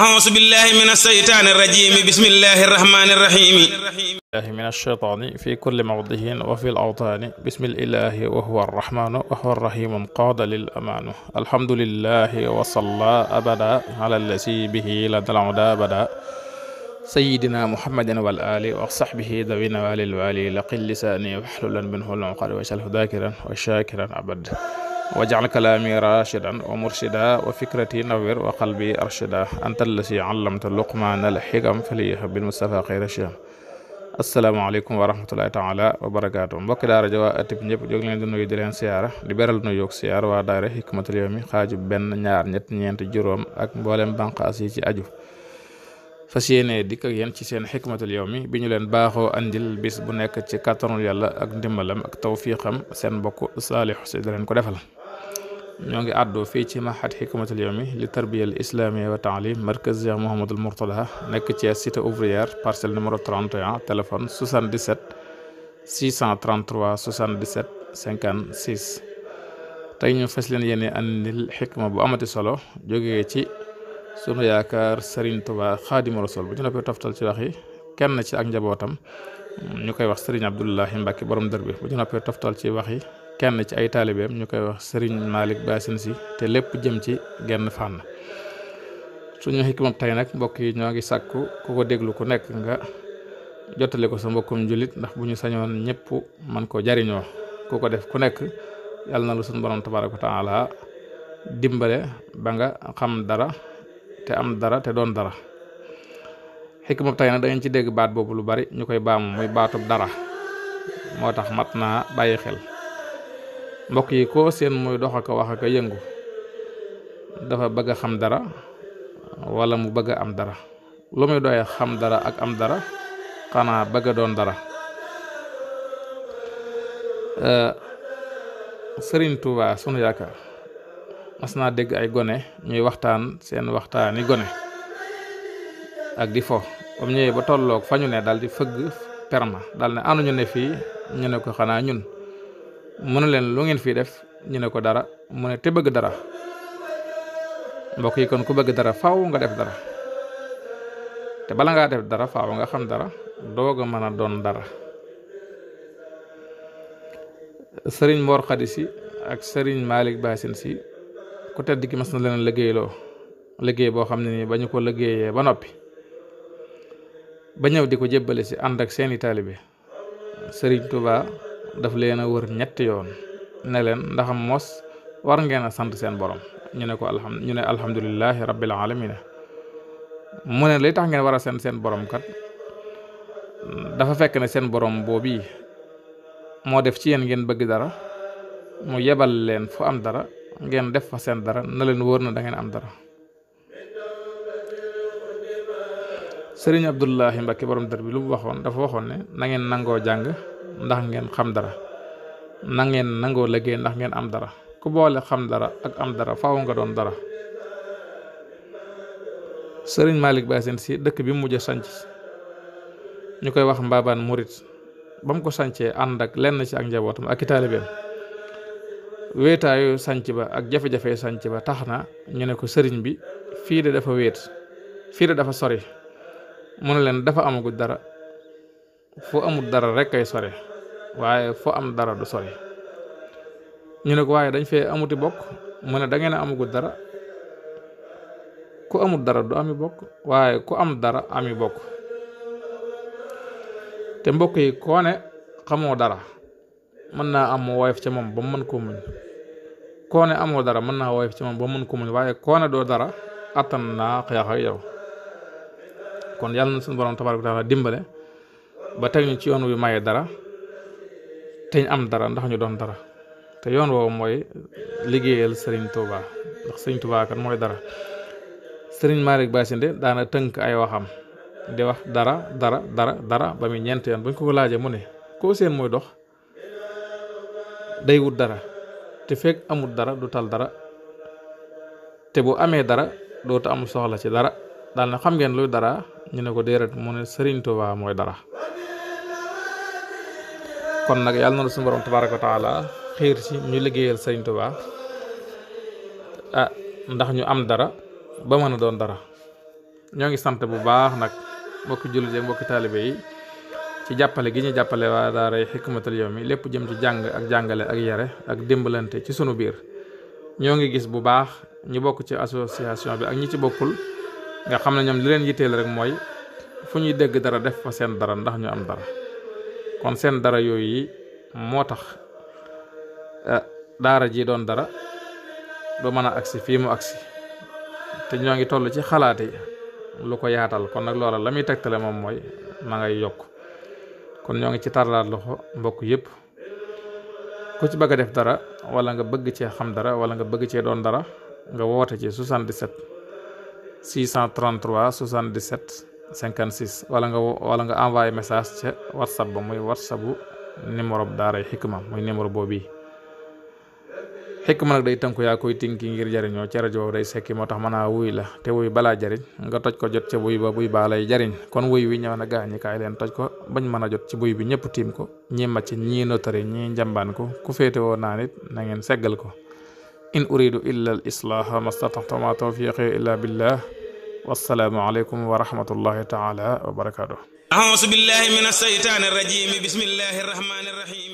أعوذ بالله من الشيطان الرجيم بسم الله الرحمن الرحيم الله من الشيطان في كل موضع وفي الأوطان بسم الإله وهو الرحمن وهو الرحيم قاد للأمان الحمد لله وصلى أبدا على الذي به لدى العدا بدا سيدنا محمد والآل وصحبه ذوي نوال الوالي لقل لساني وحللا منه العقل وجعله ذاكرا وشاكرا عبد wajal kalaami rashidan wa murshida wa fikrati nawir wa qalbi arshida anta allasi allamta luqmaana al xikam faliha bil mustafa xayra sham asalaamaaleykum wa rahmatullahi taala wa barakaatu mbokki daara ja atib ñëpp jóg leen di nuyu di leen siyaara di beral nuyu ak siyaar waa daara xikmatul yawmi xaaju benn ñaar ñett ñeent juróom ak mboolem banqaas yi ci aju fas yéene dikk ak yéen ci seen xikmatul yawmi bi ñu leen baaxoo andil bis bu nekk ci kàttanul yàlla ak ndimbalam ak tawfiqam seen mbokk saalix si leen ko defal ñoo ngi àddoo fii ci mahad xikmatul yawmi li tarbiyal islamiya wa taalim markaz Cheikh Mouhamadul Mourtada nekk Thiès cité ouvrière parcelle numéro 31 téléphone 77 633 77 56 tey ñu fas leen yéene andil xikma bu amati solo jógee ci sunu yaakaar Serigne Touba Xaadimu Rasul bu ñu noppee toftal ci wax yi kenn ci ak njabootam ñu koy wax Serigne Abdoulahi Mbacke borom dër bi bu ñu noppee toftal ci wax yi kenn ci ay taalibeem ñu koy wax sëriñ Malick Bassine si te lépp jëm ci genn fànn suñu xikmab tey nag mbokk yi ñoo ngi sàkku ku ko déglu ku nekk nga jottali ko sa mbokkum jullit ndax bu ñu sañoon ñëpp man koo jariñoo ku ko def ku nekk yàlla na lu suñu borom tabaaraka wa taala dimbale ba nga xam dara te am dara te doon dara xikmab tey nag da ngeen ci dégg baat boobu lu bari ñu koy baamu muy baatub dara moo tax mat naa bàyyi xel mbokk yi koo seen muy dox ak wax ak yëngu dafa bëgg xam dara wala mu bëgg am dara lu muy doyee xam dara ak am dara xanaa bëgg a doon dara eh, sëriñ Touba sunu yaakaar mas naa dégg ay gone ñuy waxtaan seen waxtaani gone ak di fo ba mu ba tolloog fa ñu ne daal di fëgg perma daal ne ànduñu ne fii ñu ne ko xanaa ñun mu ne leen lu ngeen fii def ñu ne ko dara mu ne te bëgg dara mbokk yi kon ku bëgg dara faaw nga def dara te bala ngaa def dara faaw nga xam dara doog a mën a doon dara sëriñ Mor Khady si ak sëriñ Malick Bassine si ku tedd ki mas na leen liggéeyloo liggéey boo xam ne nii ba ñu ko liggéeyee ba noppi ba ñëw di ko jébbale si ànd ak seeni taalibe sëriñ Touba. daf leen a wër ñetti yoon ne leen ndaxam mos war ngeen sant seen boroom ñu ne ko alham ñu ne alhamdulilahi rabbil alamina mu ne li tax ngeen war a seen seen boroom kat dafa fekk ne seen borom boobu moo def ci yéen ngeen bëgg dara mu yebal leen fu am dara ngeen def fa seen dara na leen wóor na da ngeen am dara. Sëriñ Abdullahi Mbacke borom dër bi lu mu waxoon dafa waxoon ne nangeen nangoo jàng. ndax ngeen xam dara na ngeen nangoo liggéey ndax ngeen am dara ku boole xam dara ak am dara faw nga doon dara sëriñ Malick Bassène si dëkk bi mu mujj sanc ñu koy wax mbaabaan murit ba mu ko sancee ànd ak lenn ci ak njabootam ak i taalibeem wéetaayu sanc ba ak jafe-jafe sanc ba tax na ñu ne ko sëriñ bi fii de dafa wéet fii de dafa sori mu ne leen dafa amagul dara fu amul dara rek ay sore waaye foo am dara du sori ñu ne ko waaye dañ fee amuti bokk mu ne da ngeen a amugul dara ku amul dara du ami bokk waaye ku am dara ami bokk te mbokk yi koo ne xamoo dara mën naa am mu woyof ca moom ba mu mën koo muñ ne amoo dara mën naa woyof ca moom ba mu mën koo muñ waaye koo ne doo dara attan naa xeex ak yow kon yàlla na suñu borom tabaaraka taala dimbale ba teg ñu ci yoonu wi maye dara te am dara ndax ñu doon dara te yoon woow mooy liggéeyal sëriñ Touba ndax Serigne Touba kan mooy dara sëriñ Malick Bassinde daana tënk ay waxam di wax dara dara dara dara ba muy ñeent yoon bu ñu ko laajee mu ne koo seen mooy dox day wut dara te fekk amul dara du tal dara te bu amee dara dootu am soxla ci dara daana xam ngeen luy dara ñu ne ko déedéet mu ne Serigne Touba mooy dara. kon nag yàlla na la suñu borom tabaaraka xiir ci ñu liggéeyal sëriñ Tuubaa ah, ndax ñu am dara ba mën a doon dara ñoo ngi sant bu baax nag mbokki jullit yi mbokki taalibe yi ci jàppale gi ñu jàppale waa daaray Hikmatul Yawmi lépp jëm ci jàng ak jàngale ak yare ak dimbalante ci sunu biir ñoo ngi gis bu baax ñu bokk ci association bi ak ñi ci bokkul nga xam ne ñoom li leen yitteel rek mooy fu ñuy dégg dara def fa seen dara ndax ñu am dara kon seen dara yooyu yi moo tax eh, daara ji doon dara du mën a agsi fii mu agsi te ñoo ngi toll ci xalaat yi lu ko yaatal kon nag loola la muy tegtale moom mooy ma ngay yokk kon ñoo ngi ci tarlaat loxo mbokk yépp ku ci bëgg a def dara wala nga bëgg cee xam dara wala nga bëgg cee doon dara nga woote ci 77 633 77 56 wala nga wala nga envoyé message ca whatsapp ba muy whatsapp bu numéro daaray xikma muy numéro boobu xikma nag day tënku yaa koy tinki ngir jariñoo ca rajo boobu day sekki moo tax mën a wuy la te wuy balaa jariñ nga toj ko jot ca buy ba buy baalay jariñ kon wuy wi ñëw na gaañi kaay leen toj ko bañ mën a jot ci buy bi ñëpp tiim ko ñi màcc ñii notari ñii njambaan ko ku woon naa nit na seggal ko in uridu illa al islaaha mastataxtama tawfiqi illa billah wassalaamu aleykum wa rahmatullahi taala wa barakaatu. A'uuzu billahi mina shaytaani rajiim bismillahi rahmaani rahiim